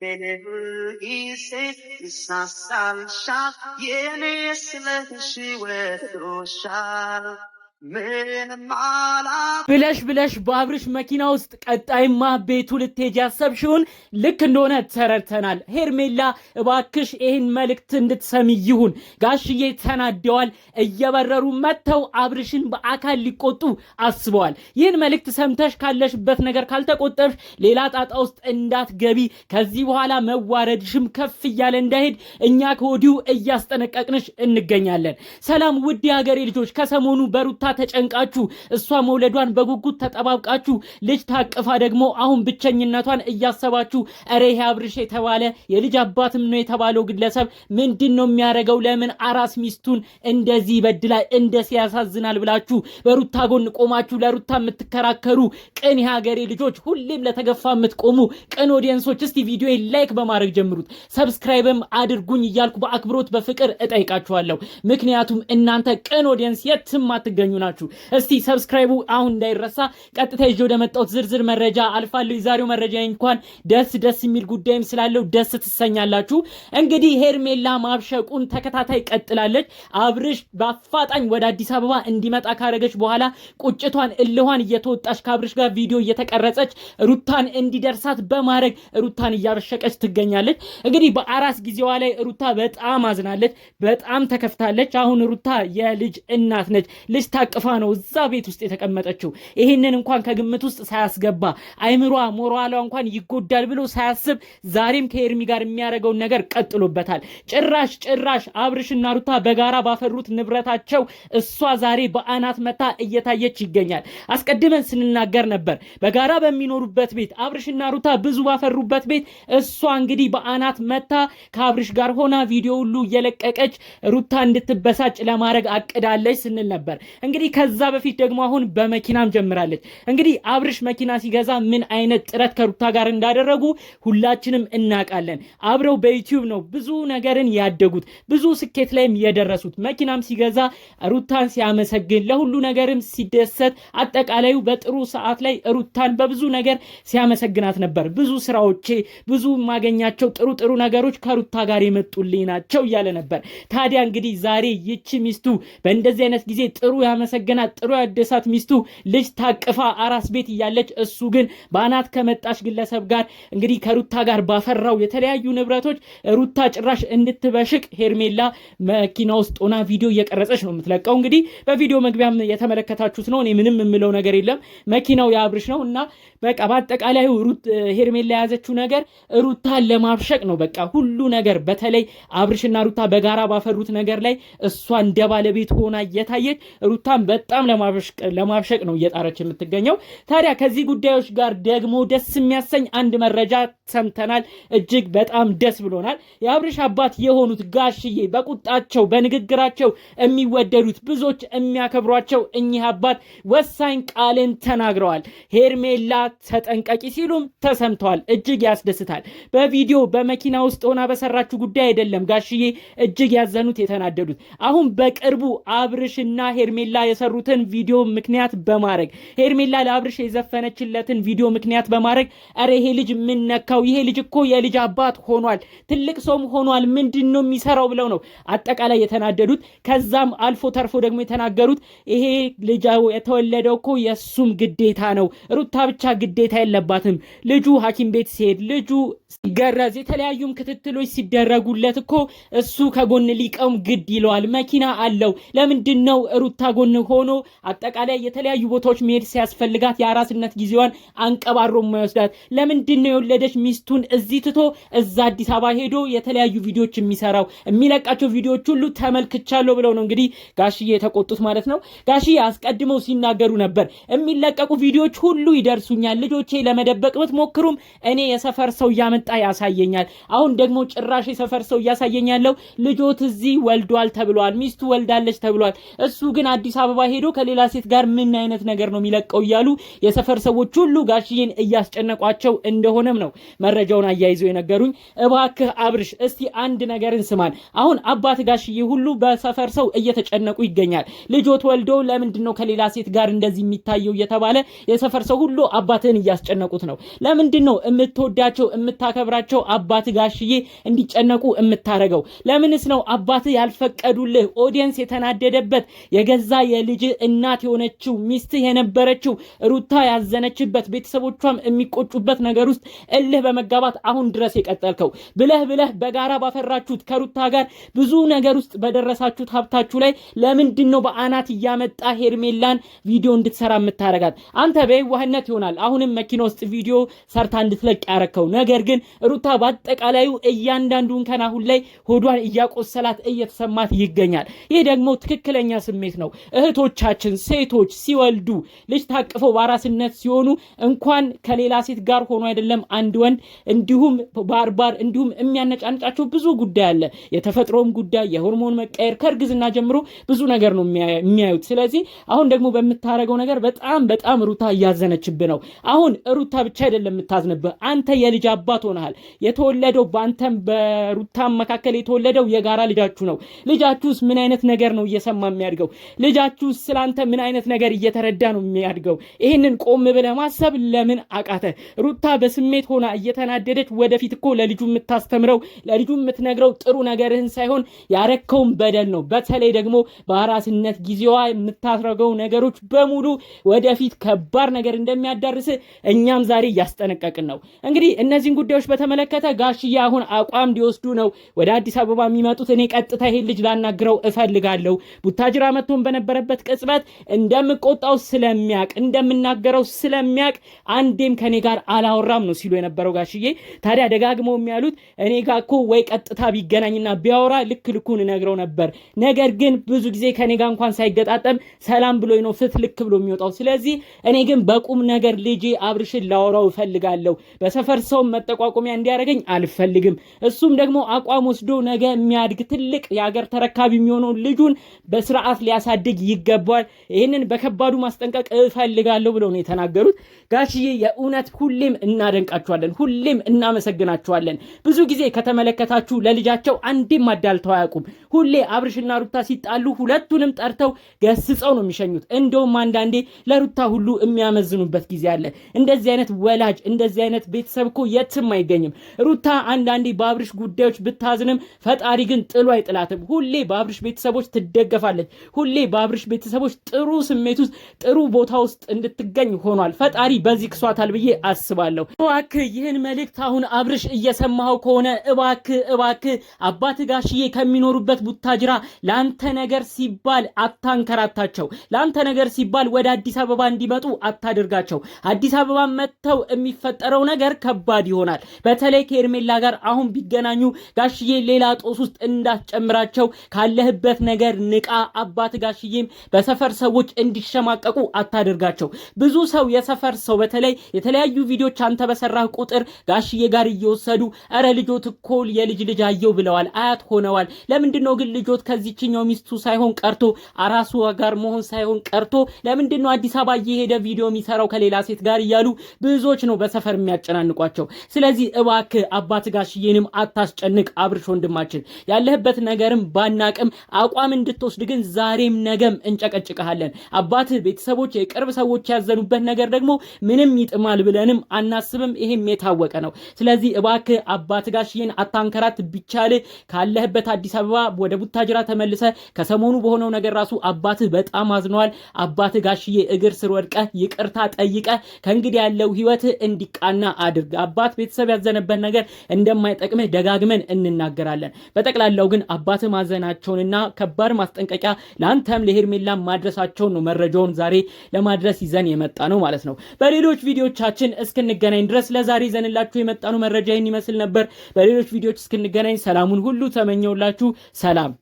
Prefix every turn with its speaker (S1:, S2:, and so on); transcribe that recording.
S1: Yeah. ise sansan şah yeni silahı şive doşar. ብለሽ ብለሽ በአብርሽ መኪና ውስጥ ቀጣይማ ቤቱ ልትሄጅ ያሰብሽውን ልክ እንደሆነ ተረድተናል። ሄርሜላ እባክሽ ይህን መልእክት እንድትሰሚ ይሁን። ጋሽዬ ተናደዋል። እየበረሩ መጥተው አብርሽን በአካል ሊቆጡ አስበዋል። ይህን መልእክት ሰምተሽ ካለሽበት ነገር ካልተቆጠብሽ ሌላ ጣጣ ውስጥ እንዳትገቢ፣ ከዚህ በኋላ መዋረድሽም ከፍ እያለ እንዳይሄድ እኛ ከወዲሁ እያስጠነቀቅንሽ እንገኛለን። ሰላም ውድ የሀገሬ ልጆች ከሰሞኑ በሩታ ተጨንቃችሁ እሷ መውለዷን በጉጉት ተጠባብቃችሁ ልጅ ታቅፋ ደግሞ አሁን ብቸኝነቷን እያሰባችሁ እረ ይሄ አብርሽ የተባለ የልጅ አባትም ነው የተባለው ግለሰብ ምንድን ነው የሚያደርገው? ለምን አራስ ሚስቱን እንደዚህ ይበድላል፣ እንደዚህ ያሳዝናል ብላችሁ በሩታ ጎን ቆማችሁ ለሩታ የምትከራከሩ ቅን የሀገሬ ልጆች፣ ሁሌም ለተገፋ የምትቆሙ ቅን ኦዲየንሶች እስቲ ቪዲዮ ላይክ በማድረግ ጀምሩት፣ ሰብስክራይብም አድርጉኝ እያልኩ በአክብሮት በፍቅር እጠይቃችኋለሁ። ምክንያቱም እናንተ ቅን ኦዲየንስ የትም አትገኙ ናችሁ። እስቲ ሰብስክራይቡ አሁን እንዳይረሳ። ቀጥታ ይዤ ወደ መጣሁት ዝርዝር መረጃ አልፋለሁ። የዛሬው መረጃ እንኳን ደስ ደስ የሚል ጉዳይም ስላለው ደስ ትሰኛላችሁ። እንግዲህ ሄርሜላ ማብሸቁን ተከታታይ ቀጥላለች። አብርሽ በአፋጣኝ ወደ አዲስ አበባ እንዲመጣ ካረገች በኋላ ቁጭቷን፣ እልኋን እየተወጣች ከአብርሽ ጋር ቪዲዮ እየተቀረጸች ሩታን እንዲደርሳት በማድረግ ሩታን እያበሸቀች ትገኛለች። እንግዲህ በአራስ ጊዜዋ ላይ ሩታ በጣም አዝናለች፣ በጣም ተከፍታለች። አሁን ሩታ የልጅ እናት ነች። ልጅ አቅፋ ነው እዛ ቤት ውስጥ የተቀመጠችው። ይህንን እንኳን ከግምት ውስጥ ሳያስገባ አይምሯ ሞራሏ እንኳን ይጎዳል ብሎ ሳያስብ ዛሬም ከኤርሚ ጋር የሚያደርገውን ነገር ቀጥሎበታል። ጭራሽ ጭራሽ አብርሽና ሩታ በጋራ ባፈሩት ንብረታቸው እሷ ዛሬ በአናት መታ እየታየች ይገኛል። አስቀድመን ስንናገር ነበር። በጋራ በሚኖሩበት ቤት አብርሽና ሩታ ብዙ ባፈሩበት ቤት እሷ እንግዲህ በአናት መታ ከአብርሽ ጋር ሆና ቪዲዮ ሁሉ እየለቀቀች ሩታ እንድትበሳጭ ለማድረግ አቅዳለች ስንል ነበር። እንግዲህ ከዛ በፊት ደግሞ አሁን በመኪናም ጀምራለች። እንግዲህ አብርሽ መኪና ሲገዛ ምን አይነት ጥረት ከሩታ ጋር እንዳደረጉ ሁላችንም እናውቃለን። አብረው በዩቲዩብ ነው ብዙ ነገርን ያደጉት፣ ብዙ ስኬት ላይም የደረሱት። መኪናም ሲገዛ ሩታን ሲያመሰግን፣ ለሁሉ ነገርም ሲደሰት፣ አጠቃላዩ በጥሩ ሰዓት ላይ ሩታን በብዙ ነገር ሲያመሰግናት ነበር። ብዙ ስራዎቼ፣ ብዙ ማገኛቸው ጥሩ ጥሩ ነገሮች ከሩታ ጋር የመጡልኝ ናቸው እያለ ነበር። ታዲያ እንግዲህ ዛሬ ይቺ ሚስቱ በእንደዚህ አይነት ጊዜ ጥሩ ያመ ያመሰገናት ጥሩ ያደሳት ሚስቱ ልጅ ታቅፋ አራስ ቤት እያለች እሱ ግን በአናት ከመጣች ግለሰብ ጋር እንግዲህ ከሩታ ጋር ባፈራው የተለያዩ ንብረቶች ሩታ ጭራሽ እንድትበሽቅ ሄርሜላ መኪና ውስጥ ሆና ቪዲዮ እየቀረጸች ነው የምትለቀው። እንግዲህ በቪዲዮ መግቢያም የተመለከታችሁት ነው። እኔ ምንም የምለው ነገር የለም። መኪናው የአብርሽ ነው እና በቃ በአጠቃላይ ሄርሜላ የያዘችው ነገር ሩታን ለማብሸቅ ነው። በቃ ሁሉ ነገር በተለይ አብርሽና ሩታ በጋራ ባፈሩት ነገር ላይ እሷ እንደ ባለቤት ሆና እየታየች ሩታ በጣም በጣም ለማብሸቅ ነው እየጣረች የምትገኘው። ታዲያ ከዚህ ጉዳዮች ጋር ደግሞ ደስ የሚያሰኝ አንድ መረጃ ሰምተናል። እጅግ በጣም ደስ ብሎናል። የአብርሽ አባት የሆኑት ጋሽዬ በቁጣቸው በንግግራቸው የሚወደዱት ብዙዎች የሚያከብሯቸው እኚህ አባት ወሳኝ ቃልን ተናግረዋል። ሄርሜላ ተጠንቀቂ ሲሉም ተሰምተዋል። እጅግ ያስደስታል። በቪዲዮ በመኪና ውስጥ ሆና በሰራችሁ ጉዳይ አይደለም ጋሽዬ እጅግ ያዘኑት የተናደዱት። አሁን በቅርቡ አብርሽና ሄርሜላ የሰሩትን ቪዲዮ ምክንያት በማድረግ ሄርሜላ ለአብርሽ የዘፈነችለትን ቪዲዮ ምክንያት በማድረግ ኧረ ይሄ ልጅ ምን ነካው? ይሄ ልጅ እኮ የልጅ አባት ሆኗል፣ ትልቅ ሰውም ሆኗል፣ ምንድን ነው የሚሰራው ብለው ነው አጠቃላይ የተናደዱት። ከዛም አልፎ ተርፎ ደግሞ የተናገሩት ይሄ ልጅ የተወለደው እኮ የእሱም ግዴታ ነው፣ ሩታ ብቻ ግዴታ የለባትም። ልጁ ሐኪም ቤት ሲሄድ ልጁ ሲገረዝ የተለያዩም ክትትሎች ሲደረጉለት እኮ እሱ ከጎን ሊቀውም ግድ ይለዋል። መኪና አለው። ለምንድን ነው ሩታ ጎን ሆኖ አጠቃላይ የተለያዩ ቦታዎች መሄድ ሲያስፈልጋት የአራስነት ጊዜዋን አንቀባሮ የማይወስዳት ለምንድን ነው የወለደች ሚስቱን እዚህ ትቶ እዛ አዲስ አበባ ሄዶ የተለያዩ ቪዲዮዎች የሚሰራው የሚለቃቸው ቪዲዮዎች ሁሉ ተመልክቻለሁ ብለው ነው እንግዲህ ጋሽዬ የተቆጡት ማለት ነው። ጋሽዬ አስቀድመው ሲናገሩ ነበር። የሚለቀቁ ቪዲዮዎች ሁሉ ይደርሱኛል፣ ልጆቼ ለመደበቅ ብትሞክሩም እኔ የሰፈር ሰው እያመጣ ያሳየኛል። አሁን ደግሞ ጭራሽ የሰፈር ሰው እያሳየኛለው ልጆት እዚህ ወልዷል ተብሏል፣ ሚስቱ ወልዳለች ተብሏል። እሱ ግን አዲስ አዲስ አበባ ሄዶ ከሌላ ሴት ጋር ምን አይነት ነገር ነው የሚለቀው እያሉ የሰፈር ሰዎች ሁሉ ጋሽዬን እያስጨነቋቸው እንደሆነም ነው መረጃውን አያይዘው የነገሩኝ። እባክህ አብርሽ እስቲ አንድ ነገርን ስማን። አሁን አባት ጋሽዬ ሁሉ በሰፈር ሰው እየተጨነቁ ይገኛል። ልጆት ወልዶ ለምንድን ነው ከሌላ ሴት ጋር እንደዚህ የሚታየው እየተባለ የሰፈር ሰው ሁሉ አባትህን እያስጨነቁት ነው። ለምንድን ነው የምትወዳቸው የምታከብራቸው አባት ጋሽዬ እንዲጨነቁ የምታረገው? ለምንስ ነው አባት ያልፈቀዱልህ? ኦዲየንስ የተናደደበት የገዛ የልጅ እናት የሆነችው ሚስትህ የነበረችው ሩታ ያዘነችበት ቤተሰቦቿም የሚቆጩበት ነገር ውስጥ እልህ በመጋባት አሁን ድረስ የቀጠልከው ብለህ ብለህ በጋራ ባፈራችሁት ከሩታ ጋር ብዙ ነገር ውስጥ በደረሳችሁት ሀብታችሁ ላይ ለምንድን ነው በአናት እያመጣ ሄርሜላን ቪዲዮ እንድትሰራ የምታረጋት? አንተ በየዋህነት ይሆናል አሁንም መኪና ውስጥ ቪዲዮ ሰርታ እንድትለቅ ያረከው። ነገር ግን ሩታ በአጠቃላዩ እያንዳንዱን ከን አሁን ላይ ሆዷን እያቆሰላት እየተሰማት ይገኛል። ይህ ደግሞ ትክክለኛ ስሜት ነው። እህቶቻችን ሴቶች ሲወልዱ ልጅ ታቅፈው በአራስነት ሲሆኑ እንኳን ከሌላ ሴት ጋር ሆኖ አይደለም አንድ ወንድ እንዲሁም ባርባር እንዲሁም የሚያነጫንጫቸው ብዙ ጉዳይ አለ። የተፈጥሮም ጉዳይ፣ የሆርሞን መቀየር፣ ከእርግዝና ጀምሮ ብዙ ነገር ነው የሚያዩት። ስለዚህ አሁን ደግሞ በምታደርገው ነገር በጣም በጣም ሩታ እያዘነችብ ነው። አሁን ሩታ ብቻ አይደለም የምታዝንብህ፣ አንተ የልጅ አባት ሆነሃል። የተወለደው በአንተም በሩታ መካከል የተወለደው የጋራ ልጃችሁ ነው። ልጃችሁስ ምን አይነት ነገር ነው እየሰማ የሚያድገው ልጃ ልጃችሁ ስላንተ ምን አይነት ነገር እየተረዳ ነው የሚያድገው? ይህንን ቆም ብለህ ማሰብ ለምን አቃተ? ሩታ በስሜት ሆና እየተናደደች ወደፊት እኮ ለልጁ የምታስተምረው ለልጁ የምትነግረው ጥሩ ነገርህን ሳይሆን ያረከውን በደል ነው። በተለይ ደግሞ በአራስነት ጊዜዋ የምታስረገው ነገሮች በሙሉ ወደፊት ከባድ ነገር እንደሚያዳርስ እኛም ዛሬ እያስጠነቀቅን ነው። እንግዲህ እነዚህን ጉዳዮች በተመለከተ ጋሽዬ አሁን አቋም ሊወስዱ ነው ወደ አዲስ አበባ የሚመጡት። እኔ ቀጥታ ይሄን ልጅ ላናግረው እፈልጋለሁ። ቡታጅራ መጥቶን በነበረ በነበረበት ቅጽበት እንደምቆጣው ስለሚያቅ እንደምናገረው ስለሚያቅ አንዴም ከኔ ጋር አላወራም ነው ሲሉ የነበረው ጋሽዬ። ታዲያ ደጋግመው የሚያሉት እኔ ጋ እኮ ወይ ቀጥታ ቢገናኝና ቢያወራ ልክ ልኩን እነግረው ነበር፣ ነገር ግን ብዙ ጊዜ ከኔ ጋ እንኳን ሳይገጣጠም ሰላም ብሎ ነው ፍት ልክ ብሎ የሚወጣው። ስለዚህ እኔ ግን በቁም ነገር ልጄ አብርሽን ላወራው እፈልጋለሁ። በሰፈር ሰውን መጠቋቆሚያ እንዲያደርገኝ አልፈልግም። እሱም ደግሞ አቋም ወስዶ ነገ የሚያድግ ትልቅ የሀገር ተረካቢ የሚሆነውን ልጁን በስርዓት ሊያሳድግ ይገባል። ይህንን በከባዱ ማስጠንቀቅ እፈልጋለሁ ብለው ነው የተናገሩት። ጋሽዬ የእውነት ሁሌም እናደንቃችኋለን፣ ሁሌም እናመሰግናችኋለን። ብዙ ጊዜ ከተመለከታችሁ ለልጃቸው አንዴም አዳልተው አያውቁም። ሁሌ አብርሽና ሩታ ሲጣሉ ሁለቱንም ጠርተው ገስጸው ነው የሚሸኙት። እንደውም አንዳንዴ ለሩታ ሁሉ የሚያመዝኑበት ጊዜ አለ። እንደዚህ አይነት ወላጅ እንደዚህ አይነት ቤተሰብ እኮ የትም አይገኝም። ሩታ አንዳንዴ በአብርሽ ጉዳዮች ብታዝንም ፈጣሪ ግን ጥሎ አይጥላትም። ሁሌ በአብርሽ ቤተሰቦች ትደገፋለች። ሁሌ በአብርሽ የአብርሽ ቤተሰቦች ጥሩ ስሜት ውስጥ ጥሩ ቦታ ውስጥ እንድትገኝ ሆኗል። ፈጣሪ በዚህ ክሷታል ብዬ አስባለሁ። እባክህ ይህን መልእክት አሁን አብርሽ እየሰማኸው ከሆነ እባክህ እባክህ አባት ጋሽዬ ከሚኖሩበት ቡታጅራ ለአንተ ነገር ሲባል አታንከራታቸው። ለአንተ ነገር ሲባል ወደ አዲስ አበባ እንዲመጡ አታድርጋቸው። አዲስ አበባ መጥተው የሚፈጠረው ነገር ከባድ ይሆናል። በተለይ ከኤርሜላ ጋር አሁን ቢገናኙ ጋሽዬ ሌላ ጦስ ውስጥ እንዳትጨምራቸው። ካለህበት ነገር ንቃ። አባት ጋሽዬ ወይም በሰፈር ሰዎች እንዲሸማቀቁ አታደርጋቸው። ብዙ ሰው የሰፈር ሰው በተለይ የተለያዩ ቪዲዮች አንተ በሰራህ ቁጥር ጋሽዬ ጋር እየወሰዱ እረ ልጆት እኮ የልጅ ልጅ አየው ብለዋል፣ አያት ሆነዋል። ለምንድነው ነው ግን ልጆት ከዚችኛው ሚስቱ ሳይሆን ቀርቶ አራሱ ጋር መሆን ሳይሆን ቀርቶ ለምንድነው ነው አዲስ አበባ እየሄደ ቪዲዮ የሚሰራው ከሌላ ሴት ጋር እያሉ ብዙዎች ነው በሰፈር የሚያጨናንቋቸው። ስለዚህ እባክ አባት ጋሽዬንም አታስጨንቅ። አብርሽ ወንድማችን ያለህበት ነገርም ባናቅም አቋም እንድትወስድ ግን ዛሬም ነገም አንተንም እንጨቀጭቀሃለን። አባትህ፣ ቤተሰቦች፣ የቅርብ ሰዎች ያዘኑበት ነገር ደግሞ ምንም ይጥማል ብለንም አናስብም። ይሄም የታወቀ ነው። ስለዚህ እባክህ አባት ጋሽን አታንከራት። ቢቻልህ ካለህበት አዲስ አበባ ወደ ቡታጅራ ተመልሰ ከሰሞኑ በሆነው ነገር ራሱ አባትህ በጣም አዝነዋል። አባትህ ጋሽዬ እግር ስር ወድቀህ ይቅርታ ጠይቀህ ከእንግዲህ ያለው ህይወትህ እንዲቃና አድርግ። አባት ቤተሰብ ያዘነበት ነገር እንደማይጠቅምህ ደጋግመን እንናገራለን። በጠቅላላው ግን አባትህ ማዘናቸውንና ከባድ ማስጠንቀቂያ ለአንተም ሄርሜላን ማድረሳቸውን ነው መረጃውን ዛሬ ለማድረስ ይዘን የመጣ ነው ማለት ነው። በሌሎች ቪዲዮቻችን እስክንገናኝ ድረስ ለዛሬ ይዘንላችሁ የመጣ ነው መረጃ ይህን ይመስል ነበር። በሌሎች ቪዲዮች እስክንገናኝ ሰላሙን ሁሉ ተመኘውላችሁ። ሰላም